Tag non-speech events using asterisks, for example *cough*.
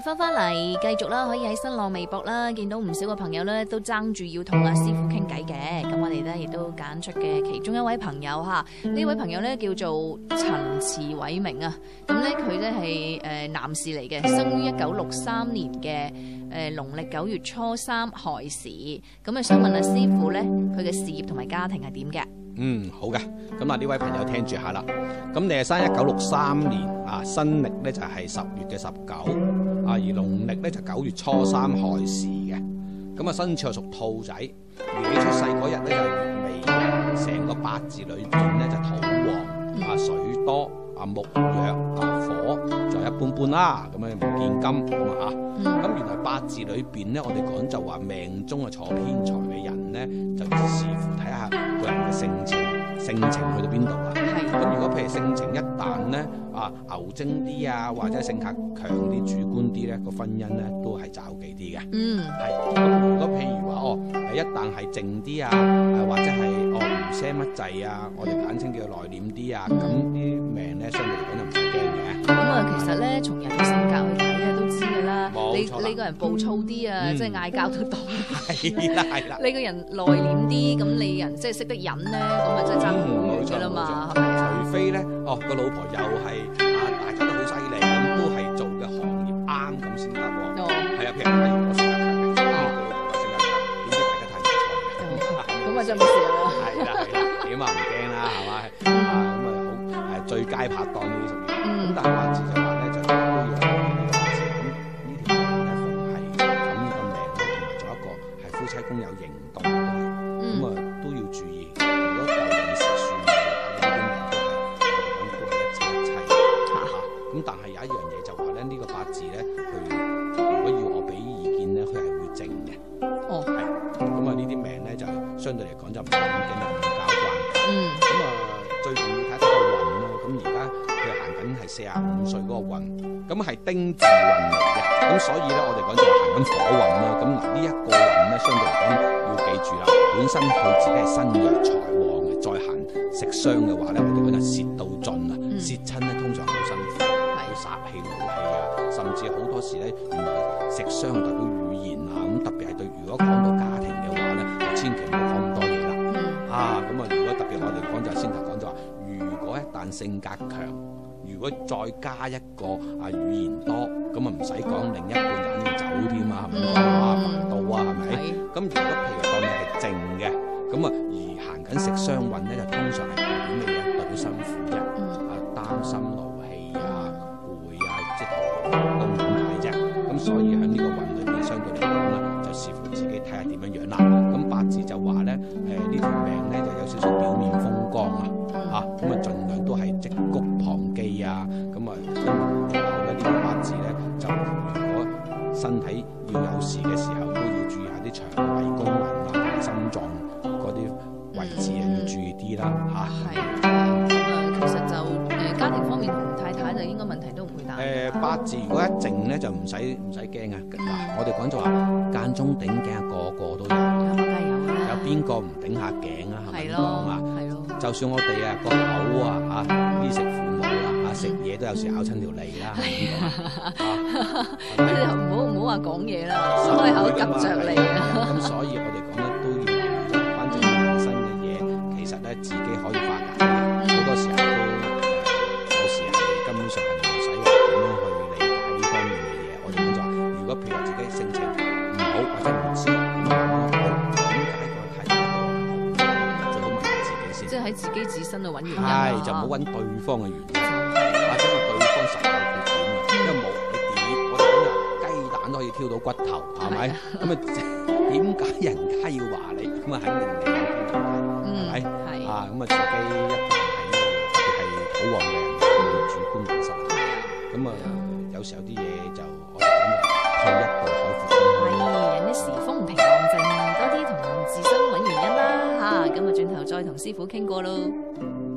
翻翻嚟，繼續啦，可以喺新浪微博啦，見到唔少個朋友咧都爭住要同阿師傅傾偈嘅。咁我哋咧亦都揀出嘅其中一位朋友吓，呢位朋友咧叫做陳慈偉明啊。咁咧佢咧係誒男士嚟嘅，生於一九六三年嘅誒農曆九月初三亥時。咁啊，想問阿、啊、師傅咧，佢嘅事業同埋家庭係點嘅？嗯，好嘅。咁啊，呢位朋友聽住下啦。咁你係生一九六三年啊，新歷咧就係十月嘅十九。啊！而農曆咧就九月初三亥時嘅，咁啊生肖屬兔仔，而你出世嗰日咧就係月尾，成個八字裏邊咧就土旺啊，水多，木半半啊，木弱啊，火就一般般啦，咁啊唔見金啊嘛咁、啊、原來八字裏邊咧，我哋講就話命中啊坐偏財嘅人咧，就視乎睇下個人嘅性情，性情去到邊度啊！咁 *noise* 如果譬如性情一旦咧啊牛精啲啊，或者性格強啲、主觀啲咧，個婚姻咧都係找忌啲嘅。嗯，係。咁如果譬如話哦，一旦係靜啲啊，或者係哦唔聲乜滯啊，我哋簡稱叫內斂啲啊，咁啲、嗯呃、命咧相對嚟講就唔使驚嘅。咁啊，其實咧從人嘅性格冇錯，你呢個人暴躁啲啊，嗯、即係嗌交都多。係啦，係啦。你呢個人內斂啲，咁你、嗯嗯、人即係識得忍咧，咁啊真係爭唔到啦嘛。除非咧，哦個老婆又係啊，大家都好犀利，咁都係做嘅行業啱咁先得。哦、嗯，係啊、嗯，譬如假如我性格強嘅，我老婆性格點知大家太唔錯，咁啊真冇事啦。係啦係啦，你啊唔驚啦係嘛？啊咁啊好誒最佳拍檔呢啲咁，um, 但係話。工有都係咁啊，都要注意。如果舊陣時算嘅話，呢啲命都係兩過一切一切，吓、啊、咁、嗯。但係有一樣嘢就話咧，呢、這個八字咧，佢如果要我俾意見咧，佢係會正嘅。哦，係咁啊，呢啲命咧就相對嚟講就唔係咁幾難交關。嗯、咁、嗯、啊、嗯嗯，最重要睇睇個運啦。咁而家佢行緊係四啊五歲嗰個運，咁係丁字運嚟嘅。咁所以咧，我哋講就行緊火運啦。咁嗱，呢一個。相對嚟講要記住啦，本身佢自己係身弱財旺嘅，再行食傷嘅話咧，我哋嗰陣泄到盡啊，嗯、泄親咧通常好辛苦，要煞氣怒氣啊，甚至好多時咧，原來食傷代表語言啊，咁特別係對，如果講到家庭嘅話咧，就千祈唔好講咁多嘢啦。啊，咁、嗯、啊，如果特別我哋講就係先頭講就話，如果一旦性格強，如果再加一個啊語言多，咁啊唔使講另一半忍住走添啊，係咪啊？霸道啊！咁、嗯、如果譬如當你係靜嘅，咁啊而行緊食傷運咧，就通常係代表咩嘢？代表辛苦嘅，啊擔心勞氣啊、攰啊，即係勞工咁解啫。咁所以喺呢個運裏邊，相對嚟講咧，就視乎自己睇下點樣樣啦。腸胃功能、啊，心臟嗰啲位置啊，嗯、要注意啲啦，嚇、啊。係，咁啊，其實就誒、呃、家庭方面，太太就應該問題都唔會大。誒、呃、八字、嗯、如果一靜咧，就唔使唔使驚啊！嗱，我哋講就話間中頂頸，個個都有，梗有啦。有邊個唔頂下頸啊？係咯，係咯，就算我哋啊個口啊嚇，啲、啊、食。食嘢都有時咬親條脷啦，唔好唔好話講嘢啦，開口夾着脷咁，所以我哋講一堆，反正人生嘅嘢，其實咧自己可以化解好多時候都有時係根本上係唔使點樣去理解呢方面嘅嘢。我哋咁就，如果譬如自己性情唔好或者唔知啊，點解個題，最好問下自己先。即係喺自己自身度揾原因啊！就唔好揾對方嘅原因。挑到骨頭係咪？咁啊點解人家要話你？咁啊肯定你有觀念，的啊咁啊自己一睇啊，特別係土黃嘅人主觀迷失咁啊，有時候啲嘢就可能退一步海闊天空，忍一時風平浪靜，啊，多啲同自身揾原因啦，啊、嚇！咁啊轉頭再同師傅傾過咯。嗯